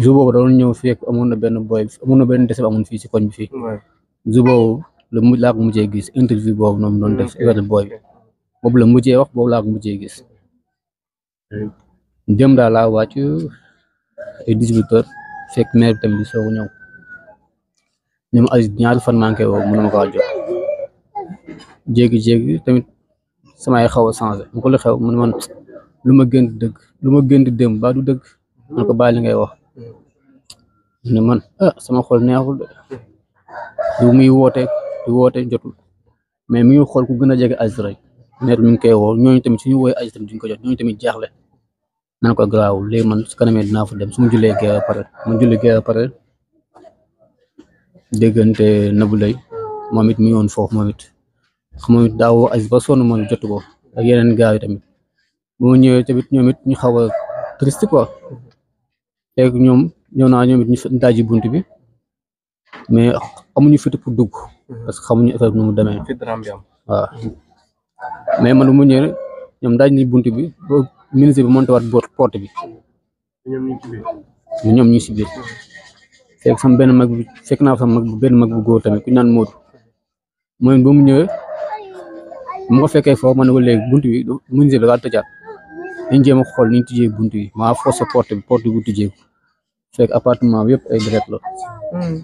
jour boobu da doon ñëw fii ak amoon na benn boy amoon na benn dese amoon fii si koñ bi fii jour boobu la mu laa ko mujjee gis interview boobu noonu doon def école mm, boy bi boobu la mujjee wax boobu laa ko mujjee gis dem daal laa wàcc ay dix-huit heures fekk maire bi tamit di soog a ñëw ñoom ay ñaari fan manqué woo mënu ma kaa jox jéegi-jéegi tamit samay xaw a changé mu ko lu xew man man lu ma gën di dëgg lu ma gën di dem ba du dëgg man ko bàyyi li ngay wax ne man ah sama xol neexul de du muy woote du woote jotu mais mi ngi xool ku gën a jege Aziz rek neetul mi ngi koy woo ñooñu tamit si woowee Aziz tamit duñ ko jot ñooñu tamit jaaxle nan ko garaawul léegi man su kanamee dinaa fa dem su ma jullee gee ba pare ma jullee gee ba pare déggante Nabou Leye moom it mi ngi woon foofu moom it xam moom ba son moom jotu ko ak yeneen gars yi tamit bu ma tamit ñoom it ñu xaw a triste ñoom. ñëw naa ñoom it ñu daaji bunt bi mais amuñu fit pour dugg parce que xamuñu affaire bi nu mu demee waaw mais man bu mu ñëwee ñoom daaj nañ bunt bi ba ministre bi monté waat porte bi ñoom ñu si biir fekk sama benn mag bi fekk naa sama mag bu benn mag bu góor tamit ku ñu naan Modou mooy ba mu ñëwee mu ko fekkee foofu ma ne ko léegi bunt bi ministre bi dafa tëjaat dañ jéem a xool ni ñu tijjee bunt bi maa force porte bi porte bi bu tijjeeku fekk appartement yëpp ay direct la hmm.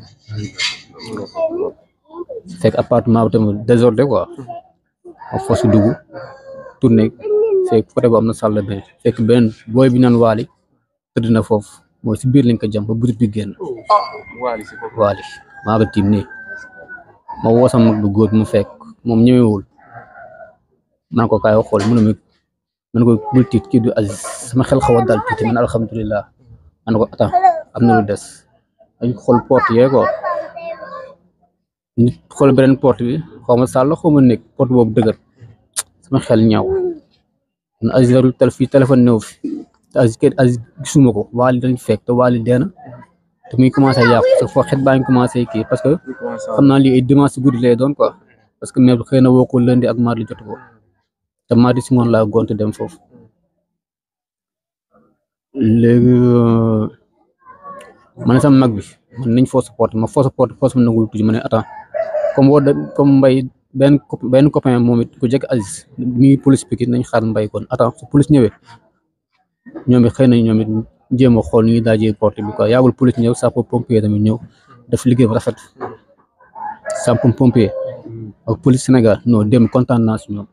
fekk appartement bi tamit désordre quoi ak am na salle de bain fekk benn booy bi naan waali tëdd na foofu mooy si biir lañ ko jam ba butit bi génn waali maa ko tiim ma woo sama góor mu fekk moom ñëwewul man ko kaay xool mënu man ko bul tiit kii du Aziz sama xel xaw a dal man alhamdulilah man ko attends am na lu des dañ xool porte yooyu ko nit xool beneen porte bi xaw ma sàll xaw ma nekk porte boobu dëgër sama xel ñaw man Aziz darul tel fii téléphone néew fi te Aziz kër Aziz ko waali dañ fek te waali dee te muy commencé yàqu te foo xet baa ngi commencé kii parce que xam na lii ay dimanche guddi lay doon quoi parce que mais xëy na woo ko lundi ak mardi jot ko te mardi si ngoon laa gont dem foofu léegi euh, man sama mag bi man nañ foo support ma foo support foo sama nangul tuuti ma ne attends comme woo comme mbay benn benn copain moom it ku jëkk Aziz mi police bi nañ xaar mbay kon attends su police ñëwee ñoom it xëy nañ ñoom it jéem a xool ni ñuy daajee porte bi quoi yaagul police ñëw sappo pompier tamit ñëw def liggéey bu rafet sappo pompier ak police Sénégal non dem kontaan naa si ñoom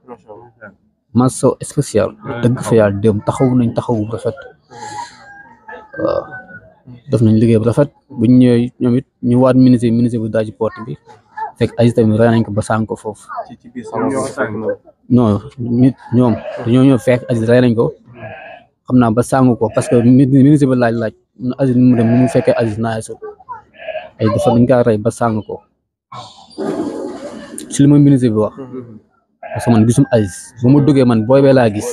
maso spécial dëgg fa yàlla dem taxaw nañ taxaw bu rafet waaw def nañ liggéey bu rafet buñ ñëwee ñoom it ñu waat ministre yi bu daaj porte bi fekk Aziz tamit rey nañ ko ba sànq ko foofu non ñoom dañoo ñëw fekk Aziz rey nañ ko xam naa ba sànq ko parce que ministre bi laaj laaj na Aziz mu mu fekkee Aziz naa yeesu ay dafa dañ rey ba sànq ko si li bi wax parce que man gisum Aziz bu ma duggee man booy bee laa gis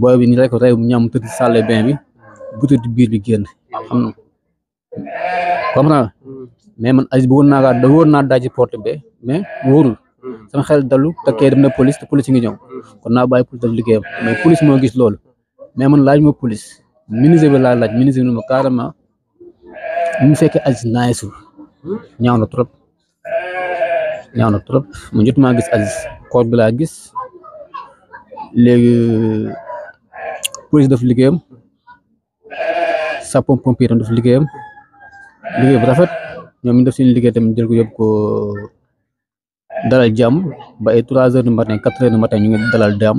booy bi ñu rey ko rey bu ñaam tëdd salle bain bi butit biir bi génn xam na comprendre mais man Aziz bëggoon naa kaa da wóor daaj ci porte be mais wóorul sama xel dalu te kay dem na police te police ngi ñëw kon naa bàyyi police def liggéeyam mais police moo gis loolu mais man laaj ma police miniser bi laa laaj ministre bi ma carrément mu fekkee Aziz naayisul ñaaw na trop ñaaw na trop mu jot maa gis Aziz laa gis léegi police def liggéeyam sappo pompier tam def liggéeyam liggéey bu rafet ñoom def suñu liggéey tam jël ko yóbbu ko dalal jàmm ba ay trois heures du matin quatre heures du matin ñu ngi dalal jàmm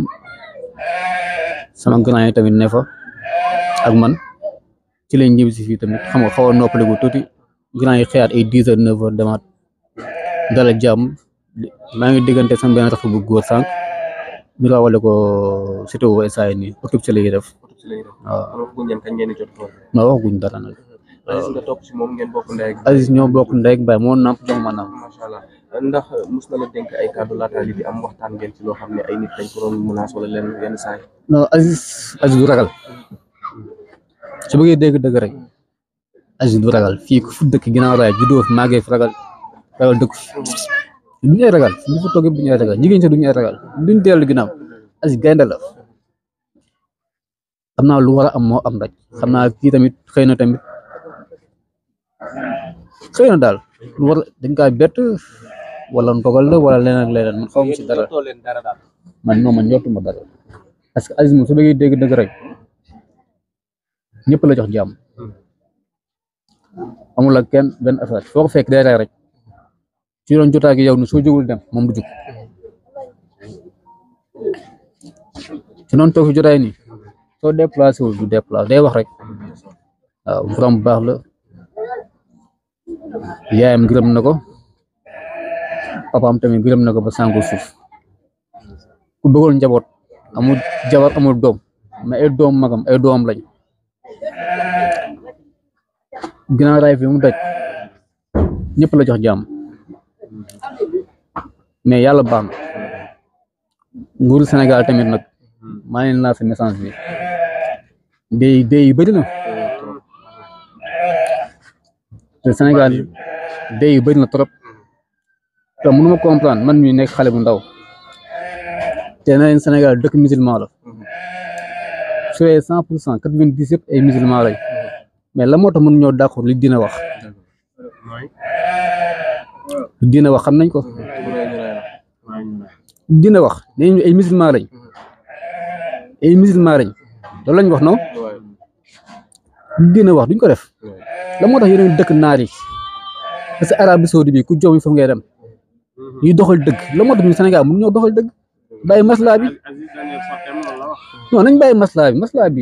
sama grand yi tamit ne fa ak man ci lañ ñibbi si fii tamit xam nga xaw a noppaliku tuuti grand yi xëyaat ay dix heures neuf heures demaat dalal jàmm maa ngi diggante sama benn rafet bu góor sànq ñu rawale ko surtout waa SAE nii autopsie la ci lañ def. waaw kon waxaguñ leen kañ ngeen di jot tool bi. non waxaguñ dara nag. Aziz nga topp ci moom ngeen bokk ndey ak. Aziz ñoo bokk ndey ak baay moo namp doomu ma namp. macha allah ndax mus na la dénk ay kàddu laataali bi am waxtaan ngeen ci loo xam ne ay nit dañ ko doon menace wala leen yenn saa yi. non Aziz Aziz du ragal su bëggee dégg dëgg rek Aziz du ragal fii ku fu dëkk ginnaaw raay juddoo fi màggee fi ragal ragal dëkk du ñu ay ragal ñu fa toog bu ñu ay ragal jigéen ñi du ñu ay ragal duñ dellu ginnaaw Aziz gaynde la xam na lu war a am moo am rek xam naa kii tamit xëy na tamit xëy na daal lu war dañ kaa wala ndogal la wala leneen ak man xaw ma si ma dara parce que Aziz moom su bëggee dégg dëgg rek ñëpp la jox jàmm hmm. amul ak kenn benn affaire foo fekk day rek ci doon jotaay gi yow ni dem moom du jóg ci hmm. noonu jotaay nii soo déplacé wul du déplacé day wax rek waaw borom bu baax la yaayam gërëm na ko papaam tamit gërëm na ko ba sàngu suuf njaboot amul jabar amul doom mais ay doom magam ay doom lañ ginnaaw raay fi mu daj ñëpp la jox jàmm mais yàlla baax na nguuru Sénégal tamit nag maa ngi bi dee dee yu bëri na te Sénégal bëri na trop te mënuma comprendre man mii nekk xale bu ndaw te na leen dëkk musulman la su dee cent pour cent quatre vingt ay musulman lañ mais la moo tax mën ñoo d'accord li dina wax li dina wax xam nañ ko dina wax nee ñu ay musulman lañ ay musulman lañ loolu lañ wax noonu eh, gën a wax duñ ko def eh. la moo tax yeneen dëkk naar yi parce que Arabie Saoudi bi ku joomi foofu dem mhm. ñuy doxal dëgg la moo tax ñu Sénégal mun ñoo doxal dëgg maslaa bi nañ bàyyi maslaa bi maslaa bi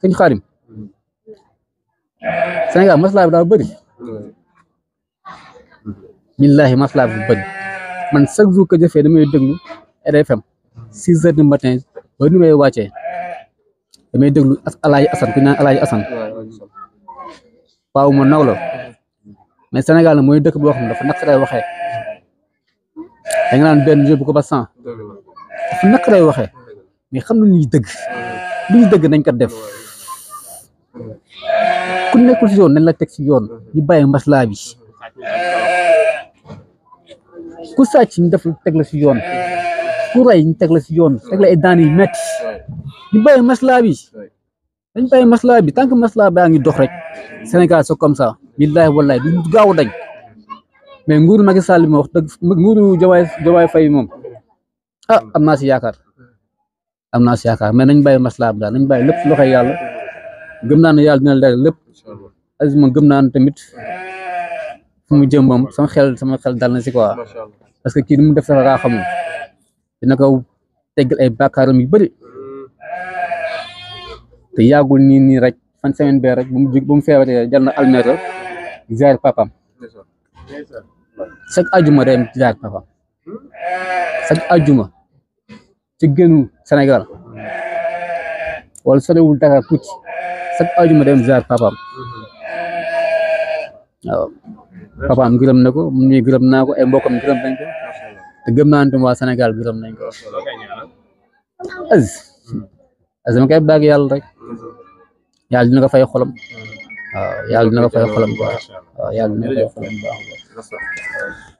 kañ xaarim eh. Sénégal maslaa bi daa bëri hmm. billahi maslaa bi man chaque jour que jëfee damay déglu RFM six heures du matin ba ni may wàccee damay déglu alaaji Assane ku ñu naan alaaji Assane waaw ma naw la mais Sénégal nag mooy dëkk boo xam ne dafa naqaree waxee da nga naan benn yóbbu ko ba cent dafa naqaree waxee mais xam nañ li dëgg li dëgg nañ ko def ku nekkul si yoon nañ la teg si yoon ñu bàyyi maslaa bi ku sàcc ñu def teg la si yoon. ku rey ñu teg la si yoon teg la ay daan yu métti ñu bàyyi maslaa bi dañ bàyyi maslaa bi tànk que maslaa baa ngi dox rek senegal c'est comme ça billaahi wallaahi du gaaw dañ mais nguur nag Sall bi ma wax dëgg nguuru Diomaye Diomaye Faye moom ah am naa si yaakaar am naa si yaakaar mais nañ bàyyi maslaa bi daal nañ bàyyi lépp si yàlla gëm naa ne yàlla dina leer lépp as ma gëm naa ne tamit fu mu jëm moom sama xel dal na si quoi parce que kii ni mu def sax raa xamul dina ko teggal ay bàkkaaram yu bëri te yàggul nii nii rek fan semaine bee rek bu mu jug bu mu feebaree jël na almeeta ziar papam chaque ajuma dem ajuma ci gënu Sénégal wala sorewul Dakar tuuti chaque ajuma dem ziar papam waaw papaam gërëm na ko mu ñuy gërëm naa ko ay mbokkam gërëm te gëm naa ne tamit waa Sénégal gërëm nañ ko Aziz Aziz ma yàlla rek yàlla dina ko fay xolam waaw yàlla dina ko fay xolam bu baax dina ko fay